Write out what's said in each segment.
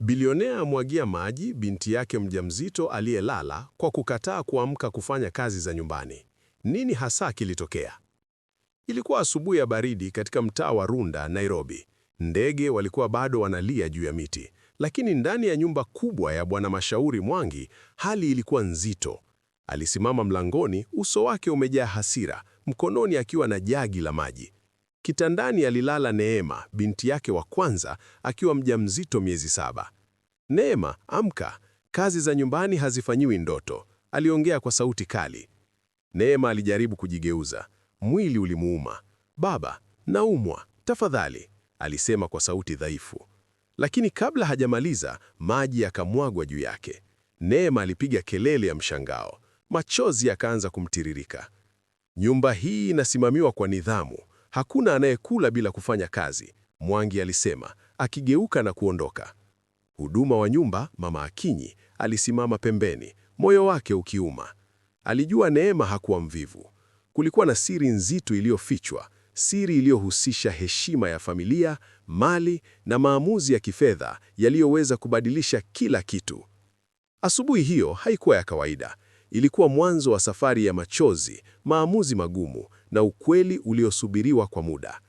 Bilionea amwagia maji binti yake mjamzito aliyelala kwa kukataa kuamka kufanya kazi za nyumbani. Nini hasa kilitokea? Ilikuwa asubuhi ya baridi katika mtaa wa Runda, Nairobi. Ndege walikuwa bado wanalia juu ya miti, lakini ndani ya nyumba kubwa ya Bwana Mashauri Mwangi hali ilikuwa nzito. Alisimama mlangoni, uso wake umejaa hasira, mkononi akiwa na jagi la maji. Kitandani alilala Neema, binti yake wa kwanza, akiwa mjamzito miezi saba. Neema, amka, kazi za nyumbani hazifanyiwi ndoto, aliongea kwa sauti kali. Neema alijaribu kujigeuza, mwili ulimuuma. Baba, naumwa, tafadhali, alisema kwa sauti dhaifu. Lakini kabla hajamaliza, maji yakamwagwa juu yake. Neema alipiga kelele ya mshangao, machozi yakaanza kumtiririka. Nyumba hii inasimamiwa kwa nidhamu, Hakuna anayekula bila kufanya kazi, Mwangi alisema akigeuka na kuondoka. Huduma wa nyumba, mama Akinyi, alisimama pembeni, moyo wake ukiuma. Alijua Neema hakuwa mvivu. Kulikuwa na siri nzito iliyofichwa, siri iliyohusisha heshima ya familia, mali na maamuzi ya kifedha yaliyoweza kubadilisha kila kitu. Asubuhi hiyo haikuwa ya kawaida. Ilikuwa mwanzo wa safari ya machozi, maamuzi magumu na ukweli uliosubiriwa kwa muda.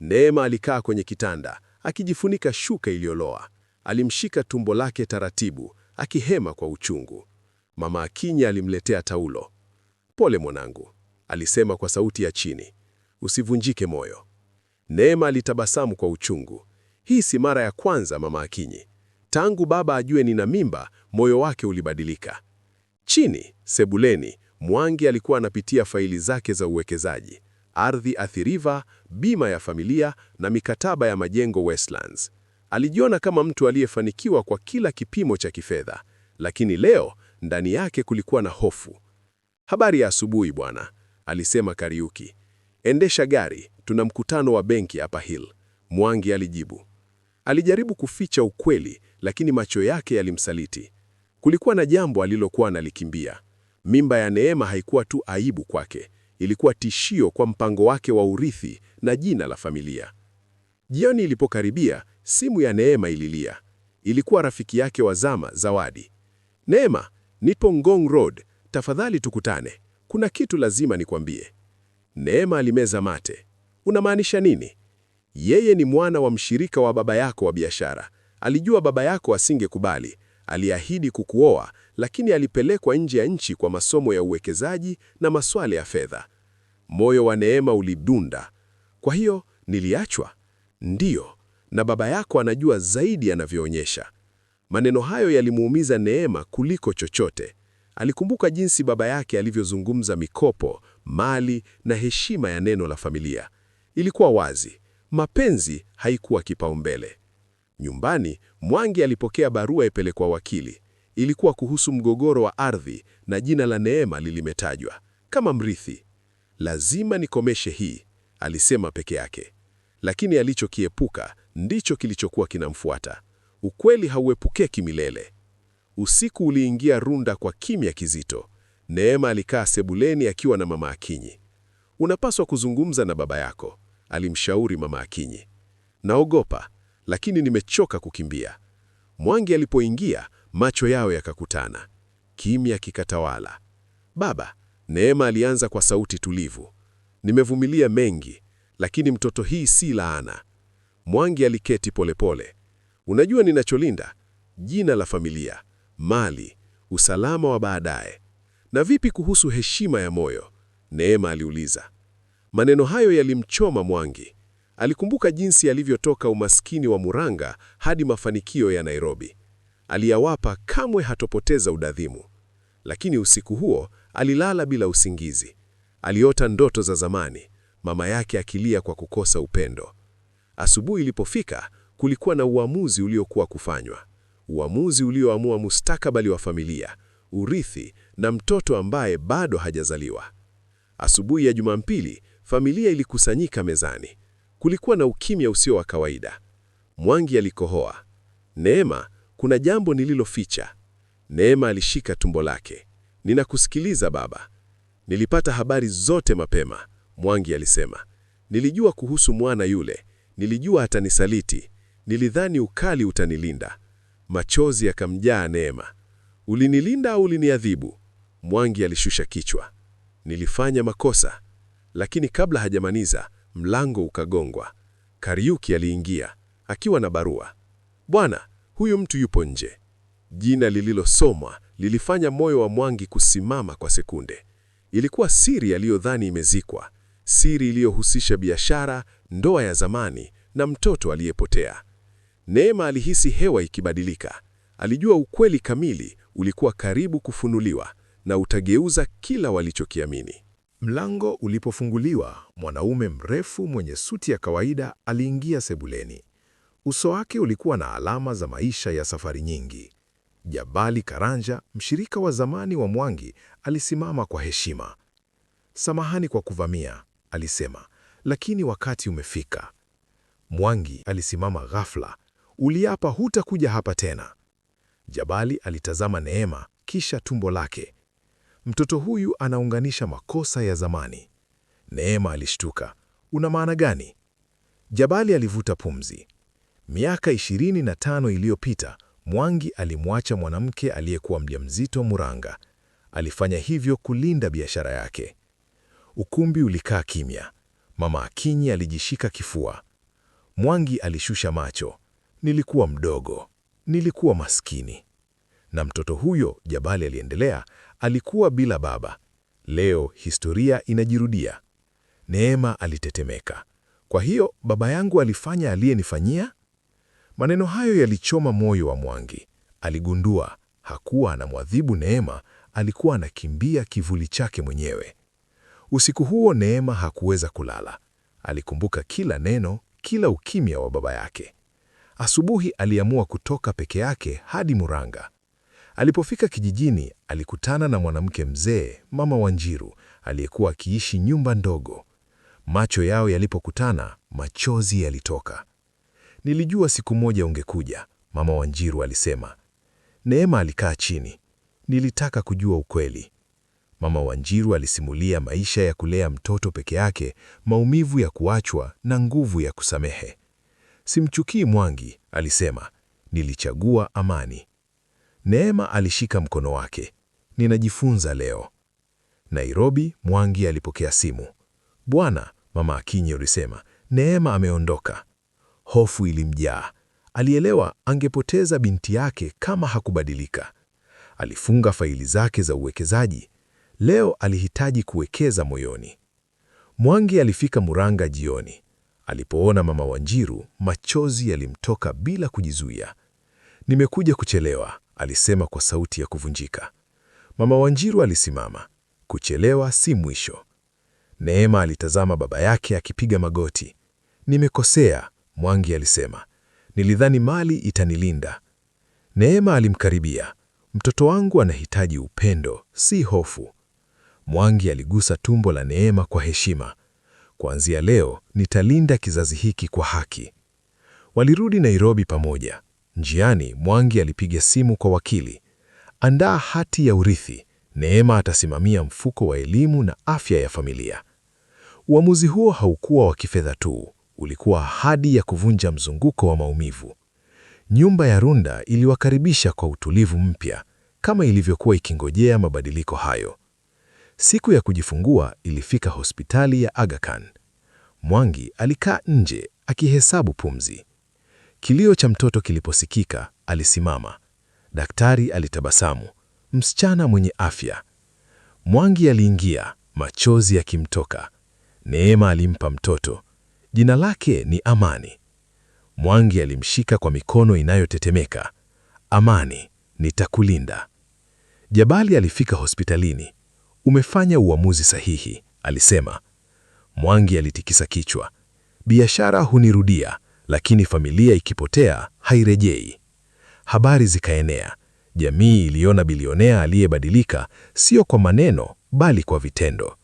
Neema alikaa kwenye kitanda akijifunika shuka iliyoloa. Alimshika tumbo lake taratibu, akihema kwa uchungu. Mama Akinya alimletea taulo. Pole mwanangu, alisema kwa sauti ya chini, usivunjike moyo. Neema alitabasamu kwa uchungu. Hii si mara ya kwanza mama Akinyi. Tangu baba ajue nina mimba, moyo wake ulibadilika. Chini, sebuleni, Mwangi alikuwa anapitia faili zake za uwekezaji, ardhi athiriva, bima ya familia na mikataba ya majengo Westlands. Alijiona kama mtu aliyefanikiwa kwa kila kipimo cha kifedha, lakini leo ndani yake kulikuwa na hofu. Habari ya asubuhi bwana, alisema Kariuki. Endesha gari, tuna mkutano wa benki hapa Hill, Mwangi alijibu. Alijaribu kuficha ukweli, lakini macho yake yalimsaliti. Kulikuwa na jambo alilokuwa analikimbia. Mimba ya Neema haikuwa tu aibu kwake, ilikuwa tishio kwa mpango wake wa urithi na jina la familia. Jioni ilipokaribia, simu ya Neema ililia. Ilikuwa rafiki yake wa zama, Zawadi. Neema, nipo Ngong Road, tafadhali tukutane, kuna kitu lazima nikwambie. Neema alimeza mate. Unamaanisha nini? Yeye ni mwana wa mshirika wa baba yako wa biashara. Alijua baba yako asingekubali, Aliahidi kukuoa, lakini alipelekwa nje ya nchi kwa masomo ya uwekezaji na masuala ya fedha. Moyo wa Neema ulidunda. Kwa hiyo niliachwa? Ndiyo, na baba yako anajua zaidi anavyoonyesha. Maneno hayo yalimuumiza Neema kuliko chochote. Alikumbuka jinsi baba yake alivyozungumza mikopo, mali na heshima ya neno la familia. Ilikuwa wazi, mapenzi haikuwa kipaumbele. Nyumbani, Mwangi alipokea barua ipelekwa wakili. Ilikuwa kuhusu mgogoro wa ardhi na jina la Neema lilimetajwa kama mrithi. Lazima nikomeshe hii, alisema peke yake. Lakini alichokiepuka ndicho kilichokuwa kinamfuata. Ukweli hauepukeki milele. Usiku uliingia Runda kwa kimya kizito. Neema alikaa sebuleni akiwa na mama Akinyi. Unapaswa kuzungumza na baba yako, alimshauri mama Akinyi. Naogopa, lakini nimechoka kukimbia. Mwangi alipoingia, macho yao yakakutana, kimya kikatawala. Baba, Neema alianza kwa sauti tulivu, nimevumilia mengi, lakini mtoto hii si laana. Mwangi aliketi polepole. Unajua ninacholinda? Jina la familia, mali, usalama wa baadaye. Na vipi kuhusu heshima ya moyo? Neema aliuliza. Maneno hayo yalimchoma Mwangi. Alikumbuka jinsi alivyotoka umaskini wa Murang'a hadi mafanikio ya Nairobi. Aliyawapa kamwe hatopoteza udadhimu. Lakini usiku huo alilala bila usingizi. Aliota ndoto za zamani, mama yake akilia kwa kukosa upendo. Asubuhi ilipofika, kulikuwa na uamuzi uliokuwa kufanywa, uamuzi ulioamua mustakabali wa familia, urithi na mtoto ambaye bado hajazaliwa. Asubuhi ya Jumapili, familia ilikusanyika mezani. Kulikuwa na ukimya usio wa kawaida. Mwangi alikohoa. Neema, kuna jambo nililoficha. Neema alishika tumbo lake. Ninakusikiliza baba. Nilipata habari zote mapema, Mwangi alisema. Nilijua kuhusu mwana yule, nilijua atanisaliti, nilidhani ukali utanilinda. Machozi yakamjaa Neema. Ulinilinda au uliniadhibu? Mwangi alishusha kichwa. Nilifanya makosa, lakini kabla hajamaniza mlango ukagongwa. Kariuki aliingia akiwa na barua. Bwana, huyu mtu yupo nje. Jina lililosomwa lilifanya moyo wa Mwangi kusimama kwa sekunde. Ilikuwa siri aliyodhani imezikwa, siri iliyohusisha biashara, ndoa ya zamani na mtoto aliyepotea. Neema alihisi hewa ikibadilika. Alijua ukweli kamili ulikuwa karibu kufunuliwa na utageuza kila walichokiamini. Mlango ulipofunguliwa, mwanaume mrefu mwenye suti ya kawaida aliingia sebuleni. Uso wake ulikuwa na alama za maisha ya safari nyingi. Jabali Karanja, mshirika wa zamani wa Mwangi, alisimama kwa heshima. Samahani kwa kuvamia, alisema, lakini wakati umefika. Mwangi alisimama ghafla. Uliapa hutakuja hapa tena. Jabali alitazama Neema, kisha tumbo lake. Mtoto huyu anaunganisha makosa ya zamani. Neema alishtuka. Una maana gani? Jabali alivuta pumzi. Miaka ishirini na tano iliyopita Mwangi alimwacha mwanamke aliyekuwa mjamzito Muranga. Alifanya hivyo kulinda biashara yake. Ukumbi ulikaa kimya. Mama Akinyi alijishika kifua. Mwangi alishusha macho. Nilikuwa mdogo, nilikuwa maskini na mtoto huyo, Jabali aliendelea, alikuwa bila baba. Leo historia inajirudia. Neema alitetemeka. Kwa hiyo baba yangu alifanya aliyenifanyia? Maneno hayo yalichoma moyo wa Mwangi. Aligundua hakuwa anamwadhibu Neema, alikuwa anakimbia kivuli chake mwenyewe. Usiku huo Neema hakuweza kulala. Alikumbuka kila neno, kila ukimya wa baba yake. Asubuhi aliamua kutoka peke yake hadi Muranga. Alipofika kijijini, alikutana na mwanamke mzee, Mama Wanjiru, aliyekuwa akiishi nyumba ndogo. Macho yao yalipokutana, machozi yalitoka. Nilijua siku moja ungekuja, Mama Wanjiru alisema. Neema alikaa chini. Nilitaka kujua ukweli. Mama Wanjiru alisimulia maisha ya kulea mtoto peke yake, maumivu ya kuachwa na nguvu ya kusamehe. Simchukii Mwangi, alisema. Nilichagua amani. Neema alishika mkono wake. Ninajifunza leo. Nairobi, Mwangi alipokea simu. Bwana, Mama Akinyi ulisema, Neema ameondoka. Hofu ilimjaa. Alielewa angepoteza binti yake kama hakubadilika. Alifunga faili zake za uwekezaji. Leo alihitaji kuwekeza moyoni. Mwangi alifika Murang'a jioni. Alipoona Mama Wanjiru, machozi yalimtoka bila kujizuia. Nimekuja kuchelewa alisema kwa sauti ya kuvunjika. Mama Wanjiru alisimama. Kuchelewa si mwisho. Neema alitazama baba yake akipiga magoti. Nimekosea, Mwangi alisema. Nilidhani mali itanilinda. Neema alimkaribia. Mtoto wangu anahitaji upendo, si hofu. Mwangi aligusa tumbo la Neema kwa heshima. Kuanzia leo nitalinda kizazi hiki kwa haki. Walirudi Nairobi pamoja. Njiani, Mwangi alipiga simu kwa wakili. Andaa hati ya urithi, Neema atasimamia mfuko wa elimu na afya ya familia. Uamuzi huo haukuwa wa kifedha tu, ulikuwa ahadi ya kuvunja mzunguko wa maumivu. Nyumba ya Runda iliwakaribisha kwa utulivu mpya, kama ilivyokuwa ikingojea mabadiliko hayo. Siku ya kujifungua ilifika hospitali ya Aga Khan. Mwangi alikaa nje akihesabu pumzi. Kilio cha mtoto kiliposikika, alisimama. Daktari alitabasamu, msichana mwenye afya. Mwangi aliingia, machozi yakimtoka. Neema alimpa mtoto jina lake ni Amani. Mwangi alimshika kwa mikono inayotetemeka. Amani, nitakulinda. Jabali alifika hospitalini. Umefanya uamuzi sahihi, alisema. Mwangi alitikisa kichwa. Biashara hunirudia, lakini familia ikipotea hairejei. Habari zikaenea, jamii iliona bilionea aliyebadilika sio kwa maneno, bali kwa vitendo.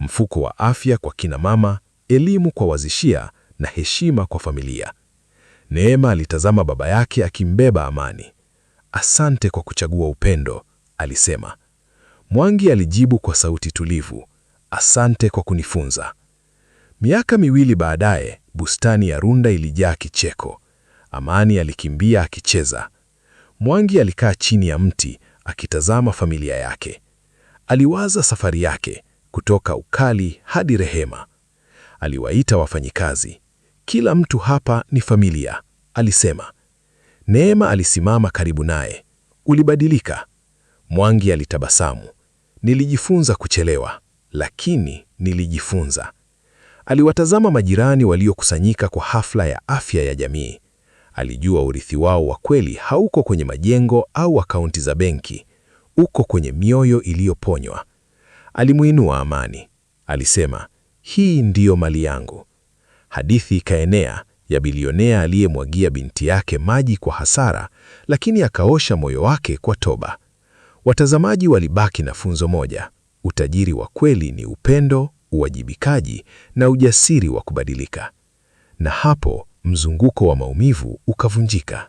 Mfuko wa afya kwa kina mama, elimu kwa wazishia na heshima kwa familia. Neema alitazama baba yake akimbeba Amani. Asante kwa kuchagua upendo, alisema. Mwangi alijibu kwa sauti tulivu, asante kwa kunifunza. Miaka miwili baadaye, Bustani ya Runda ilijaa kicheko. Amani alikimbia akicheza. Mwangi alikaa chini ya mti akitazama familia yake. Aliwaza safari yake kutoka ukali hadi rehema. Aliwaita wafanyikazi. Kila mtu hapa ni familia, alisema. Neema alisimama karibu naye. Ulibadilika. Mwangi alitabasamu. Nilijifunza kuchelewa, lakini nilijifunza. Aliwatazama majirani waliokusanyika kwa hafla ya afya ya jamii. Alijua urithi wao wa kweli hauko kwenye majengo au akaunti za benki, uko kwenye mioyo iliyoponywa. Alimuinua Amani, alisema, hii ndiyo mali yangu. Hadithi ikaenea ya bilionea aliyemwagia binti yake maji kwa hasara, lakini akaosha moyo wake kwa toba. Watazamaji walibaki na funzo moja: utajiri wa kweli ni upendo uwajibikaji na ujasiri wa kubadilika. Na hapo mzunguko wa maumivu ukavunjika.